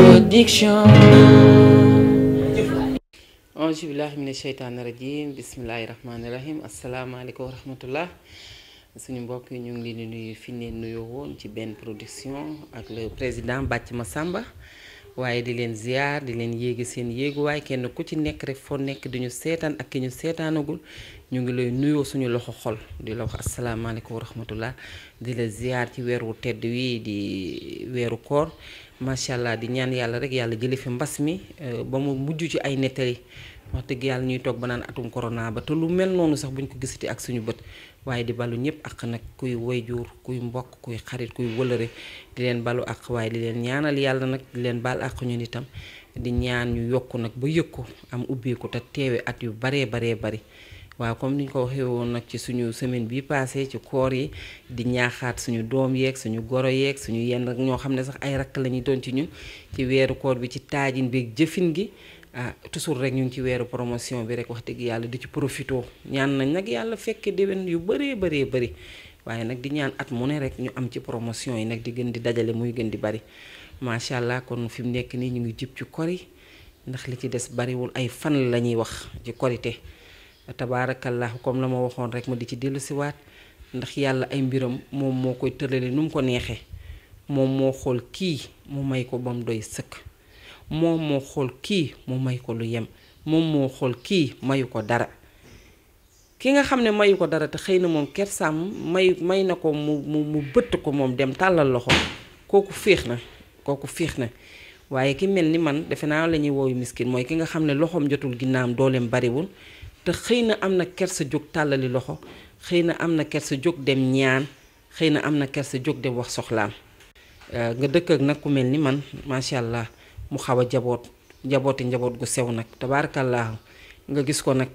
production. auzu billaahi mina sheytaani rajiim bismillaahi rahmaani rahiim asalaamaaleykum wa rahmatullah suñu mbokk yi ñu ngi leen di nuyu fi ñu leen nuyoo woon ci benn production ak le président ma sàmba waaye di leen ziar di leen yéegi seen yéegu waaye kenn ku ci nekk rek foo nekk di ñu seetaan ak ki ñu seetaanagul ñu ngi lay nuyoo suñu loxo xol di la wax asalaamaaleykum wa di la ziar ci weer wu tedd wi di weeru koor. macha allah di ñaan yàlla rek yàlla jële fi mbas mi euh, ba mu mujj ci ay nettali wax dëgg yàlla ñuy toog ba naan atum corona ba te lu mel noonu sax buñ ko gisati ak suñu bët waaye di balu ñëpp ak nag kuy wayjuur kuy mbokk kuy xarit kuy wëlëre di leen balu ak waaye di leen ñaanal yàlla nag di leen baal ak ñun itam di ñaan ñu yokk nag ba yëg ko am ubbeeku te teewe at yu baree baree bari waaw comme ni ñu ko waxee woon nag ci suñu semaine bi passé ci koor yi di ñaaxaat suñu doom yeeg suñu goro yeeg suñu yenn rek ñoo xam ne sax ay rakk la ñuy doon ci ñu ci weeru koor bi ci taajin beeg jëfin gi ah toujours rek ñu ngi ci weeru promotion bi rek wax dëgg yàlla di ci profito ñaan nañ nag yàlla fekke déwén yu bëree bëree bëri waaye nag di ñaan at mu ne rek ñu am ci promotion yi nag di gën di dajale muy gën di bëri macha allah kon fi mu nekk nii ñu ngi jub ci kor yi ndax li ci des bariwul ay fan la ñuy wax ci korite tabaarakallah comme la ma waxoon rek ma di ci si waat ndax yàlla ay mbiram moom moo koy tërale nu mu ko neexee moom moo xool kii mu may ko ba doy sëkk moom moo xool kii mu may ko lu yem moom moo xool kii mayu ko dara ki nga xam ne mayu ko dara te xëy na moom sàmm may may na ko mu mu bëtt ko moom dem tàllal loxo kooku féex na kooku féex na waaye ki mel ni man defe naa la ñuy woowu miskin mooy ki nga xam ne loxoom jotul ginnaam dooleem bariwul te xëy na am na kersa jóg tàllali loxo xëy na am na kersa jóg dem ñaan xëy na am na kersa jóg dem wax soxlaam euh, nga dëkk nag ku mel ni man macha allah mu xaw a jaboot jaboote njaboot gu sew nag te tabaarakallahu nga gis ko nag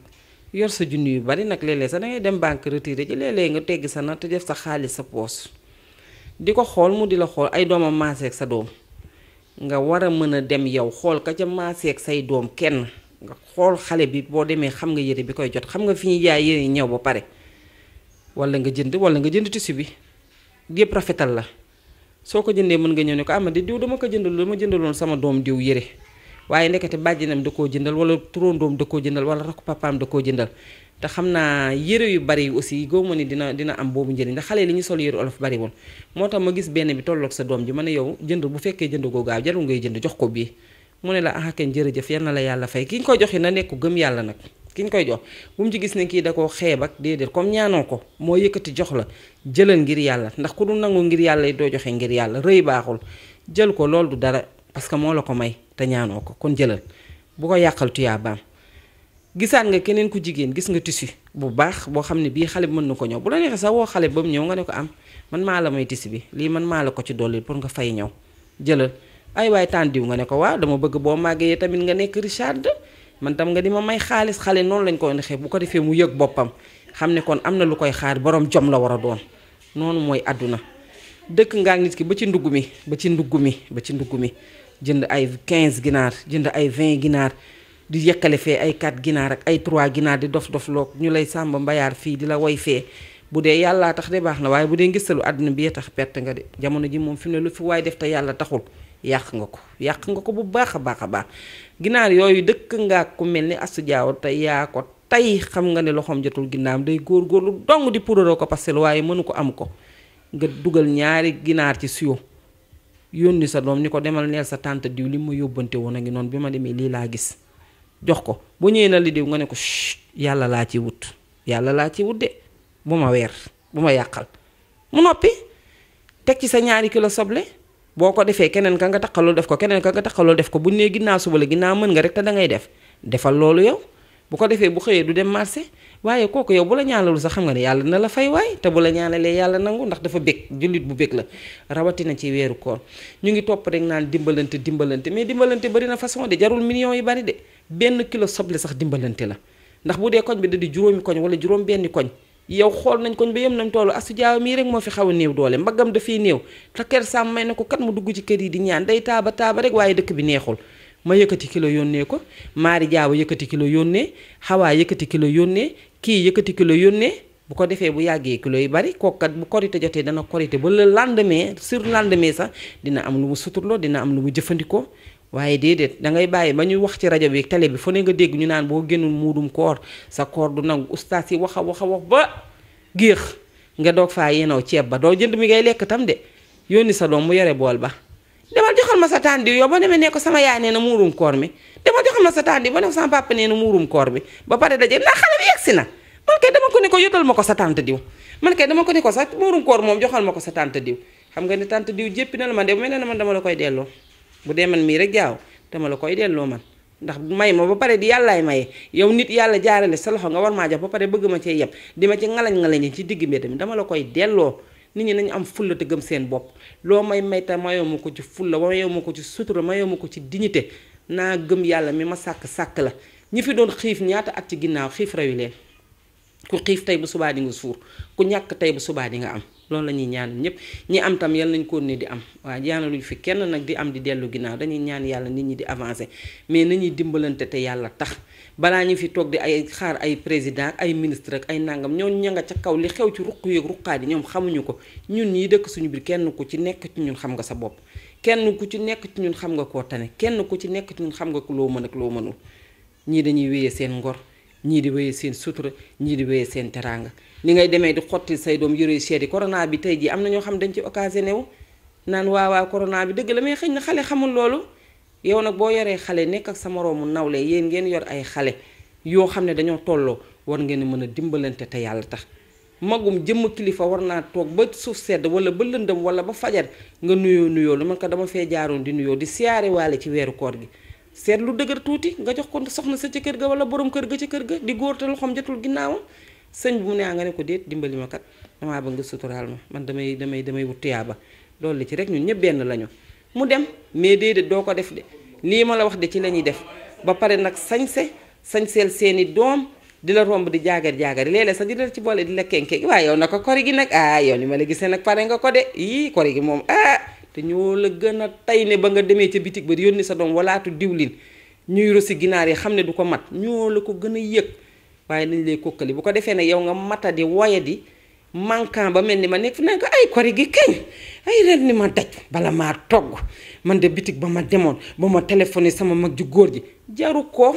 yor sa junni yu bari nag léeg-léeg sax dangay dem bànk retiré ji léeg nga tegg sa natt def sa xaalis sa poos di ko xool mu di la xool ay doomam maaseeg sa doom nga war a mën a dem yow xool ka ca maaseeg say doom kenn nga xool xale bi boo demee xam nga yére bi koy jot xam nga fi ñuy jaay yére ñëw ba pare walla nga jënd wala nga jënd tissu bi yëpp rafetal la soo ko jëndee mën nga ñëw ne ko ama ah, di diw dama ko jëndal dama jëndaloon sama doom diw yére waaye ndekete bàjjinam da koo jëndal wala turóondoom da ko jëndal wala rakku papaam da koo jëndal te xam naa yére yu bari yu aussi góob ma ni dina dina am boobu njëriñ ndax xale li ñu sol yére olof bari woon moo tax ma gis benn bi tolloog sa doom ji ma ne yow jënd bu fekkee jënd goo gaaw jarul ngay jënd jox ko bii mu ne la ah kañ jërëjëf yal na la yàlla fay ki ñu koy joxe na nekk gëm yàlla nag ki ñu koy jox bu mu ci gis ne kii da koo xeeb ak déedéet comme ñaanoo ko moo yëkkati jox la jëlal ngir yàlla ndax ku du nangu ngir yàlla doo joxee ngir yàlla rëy baaxul jël ko lool du dara parce que moo la ko may te ñaanoo ko kon jëlal bu ko yàqal tuyaabaam gisaat nga keneen ku jigéen gis nga tissu bu baax boo xam ne bii xale bi mën na ko ñëw bu la neexee sax woo xale ba ñëw nga ne ko am man maa la may tissu bi lii man maa la ko ci dolli pour nga fay ñëw ay waay tàndiw nga ne ko waaw dama bëgg boo màggee tamit nga nekk Richard man tam nga di ma may xaalis xale noonu lañ koy nexee bu ko defee mu yëg boppam xam ne kon am na lu koy xaar boroom jom la war a doon noonu mooy àdduna dëkk ngaa nit ki ba ci ndugg mi ba ci ndugg mi ba ci ndugg mi jënd ay 15 ginaar jënd ay 20 ginaar di yëkkale fee ay 4 ginaar ay 3 ginaar di dof dof loog ñu lay sàmba mbayaar fii di la woy fee bu dee yàllaa tax de baax na waaye bu dee ngistalu àdduna bi yee tax perte nga de jamono ji moom fi mu ne lu fi waay def te yàlla taxul yàq nga ko yàq nga ko bu baax a baax a baax ginaar yooyu dëkk nga ku mel ni Astou Diawara te yaa ko tey xam nga ne loxoom jotul ginnaam day góor góorgóorlu dong di puudaroo ko parce que waaye mënu ko am ko nga dugal ñaari ginaar ci siyo yónni sa doom ni ko demal neel sa tante diw li ma yóbbante woon a ngi noonu bi ma demee lii laa gis jox ko bu ñëwee na li nga ne ko yàlla laa ci wut yàlla laa ci wut de bu ma weer bu ma yàqal mu noppi teg ci sa ñaari kilo soble boo ko defee keneen ka nga taxaloo def ko keneen ka nga taxaloo def ko buñ nee ginnaaw suba la ginnaaw mën nga rek te da def defal loolu yow bu ko defee bu xëyee du dem marché waaye kooku yow bu la ñaanalul sax xam nga ne yàlla na la fay waay te bu la ñaanalee yàlla nangu ndax dafa bég jullit bu bég la rawatina ci weeru koor ñu ngi topp rek naan dimbalante dimbalante mais dimbalante bari na façon de jarul millions yi bari de benn kilo soble sax dimbalante la ndax bu dee koñ bi da di juróomi koñ wala juróom benni koñ yow xool nañ koñ ba yem nañ toll asu jaaw mii rek moo fi xaw néew doole mbaggam dafay néew te ker sàmm may na ko kat mu dugg ci kër yi di ñaan day taaba taaba rek waaye dëkk bi neexul ma yëkkati kilo yónnee ko maari jaawa yëkkati kilo yónnee xawaa yëkkati kilo yónnee kii yëkkati kilo yónnee bu ko defee bu yàggee kilo yi bari kookat bu korite jotee dana korite ba lend mais sur lendemain sax dina am lu mu suturloo dina am lu mu jëfandikoo waaye déedéet da ngay bàyyi ba ñuy wax ci rajo bi télé bi fu ne nga dégg ñu naan boo génnul muudum koor sa koor du nangu ustaas yi wax a wax a wax ba géex nga doog faa yénaw ceeb ba doo jënd mi ngay lekk tam de yónni sa doom mu yore bool ba demal joxal ma sa taan yow ba demee ne ko sama yaay nee na muurum koor mi demal ma sa taan diw ba ne ko sama papa nee na muurum bi ba pare daje ndax xale bi yegsi na man kay dama ko ne ko yotal ma ko sa tante diw man kay dama ko ne ko sa muurum koor moom joxal ma ko sa tante diw xam nga ne tante diw jéppi na la man de mel na man dama la koy delloo bu dee man mii rek jaaw dama la koy delloo man ndax may ma ba pare di yàllaay maye yow nit yàlla jaarale sa loxo nga war maa jox ba pare bëgg ma cee yeb di ma ci ngalañ ngalañ ci digg mbedd mi dama la koy delloo nit ñi nañu am fulla te gëm seen bopp loo may may te mayoo ma ko ci fulla mayoo ma ko ci sutura mayoo ma ko ci dignité naa gëm yàlla mi ma sàkk sàkk la ñi fi doon xiif ñaata at ci ginnaaw xiif yi leen ku xiif tey bu subaa di nga suur ku ñàkk tey bu subaa di nga am loolu la ñuy ñaan ñëpp ñi am tam yal nañ koo nii di am waaw ñaanaluñ fi kenn nag di am di dellu ginnaaw dañuy ñaan yàlla nit ñi di avancer mais nañuy dimbalante te yàlla tax balaa ñu fi toog di ay xaar ay président ak ay ministre ak ay nangam ñooñu ña nga ca kaw li xew ci ruq yeeg ruqaat yi ñoom xamuñu ko ñun ñi dëkk suñu biir kenn ku ci nekk ci ñun xam nga sa bopp kenn ku ci nekk ci ñun xam nga koo tane kenn ku ci nekk ci ñun xam nga loo mën ak loo mënul ñii dañuy wéyee seen ngor ñii di wéyee seen sutura ñii di wéyee seen teraanga ni ngay demee di xotti say doom yore seet yi corona bi tey jii am na ñoo xam dañ ci occasionné wu naan waawaa corona bi dëgg la mais xëy na xale xamul loolu yow nag boo yoree xale nekk ak sa moroomu nawle yéen ngeen yor ay xale yoo xam ne dañoo tolloo war ngeen mën a dimbalante te yàlla tax magum jëmm kilifa war naa toog ba suuf sedd wala ba lëndëm wala ba fajar nga nuyoo nuyoo lu man ko dama fee jaaroon di di siyaare waale ci weeru koor gi seet lu dëgër tuuti nga jox ko soxna sa ci kër ga wala boroom kër ga ci kër ga di góor te loxoom jotul ginnaawam sañ bu mu ne ah nga ne ko déet dimbali ma kat damaa bëgg nga suturaal man damay damay damay wut tuyaaba loolu la ci rek ñun ñëpp benn lañu mu dem mais déedéet doo ko def de lii ma la wax de ci la ñuy def ba pare nag sañse sañseel seeni doom di la romb di jaagar jaagar léeg-léeg di la ci boole di la kenke waaye yow na ko kori gi nag ah yow ni ma la gisee nag pare nga ko de yii kori gi moom ah. te ñoo la gën a tay ne ba nga demee ca bitig ba di yónni sa doom walaatu diwlin ñuy rosi ginaar yi xam ne du ko mat ñoo la ko gën a yëg waaye nañ lay kokkali bu ko defee ne yow nga mata di di manquant ba mel ni ma nekk fi ay kori ay ren ma daj bala togg man de bitig ba ma demoon ba ma téléphoné sama mag ju góor ji jaru ko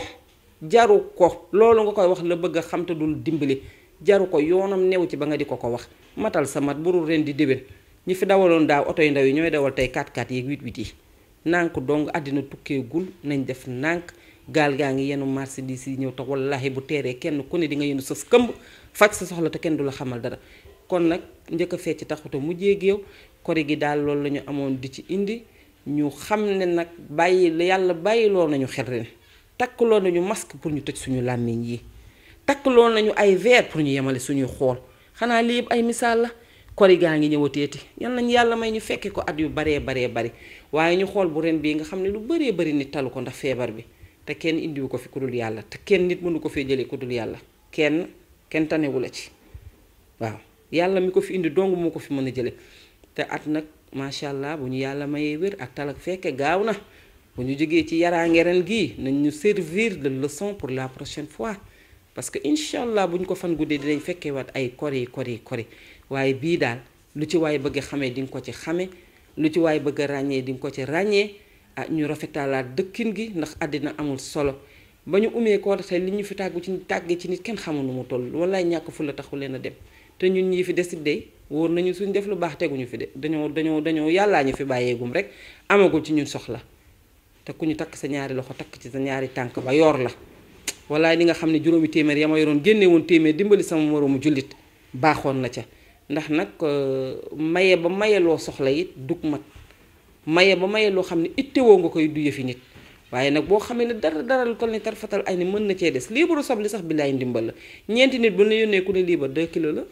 jaru ko loolu nga koy wax la bëgg a xam dul dimbali jaru ko yoonam new ci ba nga di ko ko wax matal sa mat burul ren di déwén ñi fi dawaloon daaw oto yu ndaw yi ñooy dawal tey 4x4 yeeg 8x8 yi nànk dong àddina tukkeegul nañ def nànk gaal gaa ngi yenu marchandise yi ñëw tax wallaahi bu teeree kenn ku ne dinga nga yenu sëf këmb faj sa soxla te kenn du la xamal dara kon nag njëkk a fecc taxut a mujjee géew kori gi daal loolu la ñu amoon di ci indi ñu xam ne nag bàyyi yàlla bàyyiloo nañu xel ren takkuloo nañu mask pour ñu toj suñu làmmiñ yi takkuloo nañu ay verre pour ñu yemale suñuy xool kori gaa ngi ñëwateeti yal nañ yàlla may ñu fekke ko at yu baree baree bari waaye ñu xool bu ren bii nga xam ne lu baree bari nit talu ko ndax feebar bi te kenn indiwu ko fi ku yàlla te kenn nit mënu ko fee jëlee ku dul yàlla kenn kenn tanewu la ci waaw yàlla mi ko fi indi dong moo ko fi mën a jële te at nag macha allah bu ñu yàlla mayee wér ak tal ak fekke gaaw na bu ñu jógee ci yaraange ren gii nañ ñu servir de leçon pour la prochaine fois parce que incha allah bu ñu ko fan guddee dinañ fekkeewaat ay kori kori kori waaye bii daal lu ci waay bëgg xamee di nga ko ci xame lu ci waay bëgg a ràññee di nga ko ci ràññee ah ñu rafetalaat dëkkin gi ndax àddina amul solo ba ñu umee koo te li ñu fi tàgg ci tàggee ci nit kenn xamul nu mu toll wallaay ñàkk fu la taxu leen a dem te ñun ñii fi desit de wóor nañu suñ def lu baax teguñu fi de dañoo dañoo dañoo yàllaa ñu fi bàyyeegum rek amagul ci ñun soxla te ku ñu takk sa ñaari loxo takk ci sa ñaari tànk ba yor la wallaay li nga xam ne juróomi téeméer ya ma yoroon génne woon téeméer dimbali sama moroomu jullit baaxoon na ca ndax nag euh, maye ba mayeloo soxla it dug mat maye ba maye loo xam ne it woo nga koy du yëfi nit waaye nag boo xamee ne dara dara lu ne ni tarfatal ay ni mën na cee des liibaru soble sax billaay ndimbal la ñeenti nit bu ñu la yónnee ku ne liibar 2 kilo la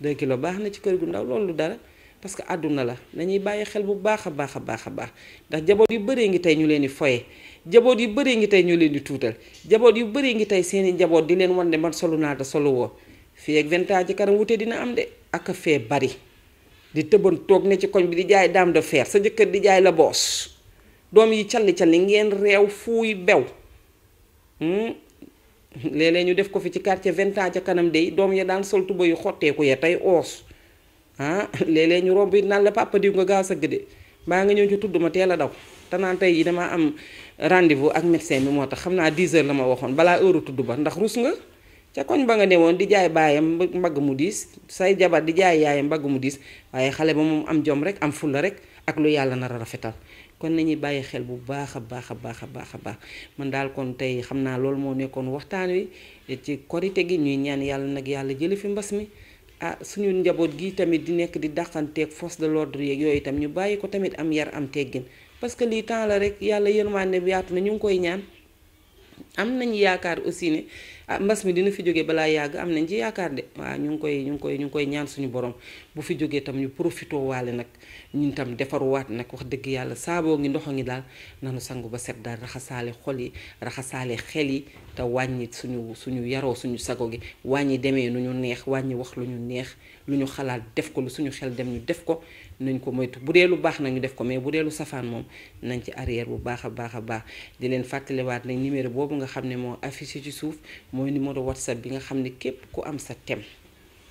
2 kilo baax na ci kër gu ndaw loolu dara parce que àdduna la dañuy bàyyi xel bu baax a baax a baax a baax ndax jaboot yu bëree ngi tey ñu leen di foye jaboot yu bëree ngi tey ñu leen di tuutal jaboot yu baree ngi tey seeni njaboot di leen wan ne man solu naa te woo dina am aka fee bari di tëban toog ne ci koñ bi di jaay daam de fer sa jëkkër di jaay la boos doom yi calli calli ngeen réew fuy bew lee hmm? léeg ñu def ko fi ci quartier vingt ans ca kanam dey doom ya daan sol tuba yu xotteeku ya tey oos ah léeg ñu romb it naan la papa diw nga gaaw sëgg de mbaa ngi ñëw ci tudd ma teel a daw te naan tey yi dama am rendez ak médecin bi moo tax xam naa 10 heures la ma waxoon balaa heure tudd ba ndax rus nga. ca koñ ba nga woon di jaay baayam mbagg mu diis say jabar di jaay yaayam mbagg mu diis waaye xale ba moom am jom rek am fulla rek ak lu yàlla nar a rafetal kon nañuy bàyyi xel bu baax a baax a baax a baax a baax man daal kon tey xam naa loolu moo nekkoon waxtaan wi ci korite gi ñuy ñaan yàlla nag yàlla jële fi mbas mi ah suñu njaboot gi tamit di nekk di dàqanteeg force de l'ordre yeeg yooyu itam ñu bàyyi ko tamit am yar am teggin parce que lii temps la rek yàlla yërmaande bi yaatu na ñu ngi koy ñaan am nañ yaakaar aussi ne ah, mbas mi dina fi jóge balaa yàgg am nañ ci yaakaar de waaw ñu ngi koy ñu ngi koy ñu ngi koy ñaan suñu borom bu fi jógee tam ñu profitoo waale nag ñu tam defaruwaat nag wax dëgg yàlla saaboo ngi ndoxo ngi daal nanu sangu ba set daal raxasaale xol yi raxasaale xel yi te wàññi suñu suñu yaroo suñu sago gi wàññi demee nu ñu neex wàññi wax lu ñu neex lu ñu xalaat def ko lu suñu xel dem ñu def ko nañ ko moytu bu dee lu baax nañu def ko mais bu dee lu safaan moom nañ ci arrière bu baax a baax a baax di leen fàttaliwaat nag numéro boobu nga xam ne moo affiché ci suuf mooy numéro whatsapp bi nga xam ne képp ku am sa thème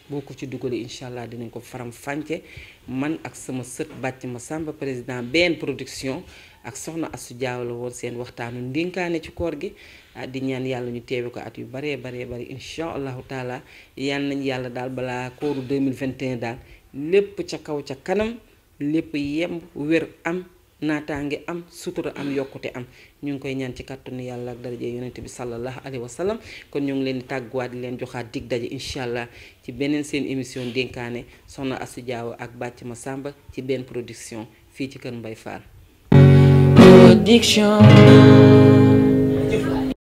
boo ko ci dugalee incha allah dinañ ko faram fànce man ak sama sët bàcc ma sàmba président benn production ak soxna Astou Diaw la woon seen waxtaanu ndénkaane ci koor gi ah, di ñaan yàlla ñu teewe ko at yu baree baree bari incha allahu taala yal nañ yàlla daal balaa kooru 2021 daal lépp ca kaw ca kanam lépp yemb wér am naataange am sutura am yokkute am ñu ngi koy ñaan ci kàttanu yàlla ak daraje yonent bi sallallahu alayhi wa sallam kon ñu ngi leen tàgguwaat di leen joxaat dig daje incha allah ci beneen seen émission dénkaane soxna Astou Diawo ak ma sàmba ci benn production fii ci kër Mbay Fall.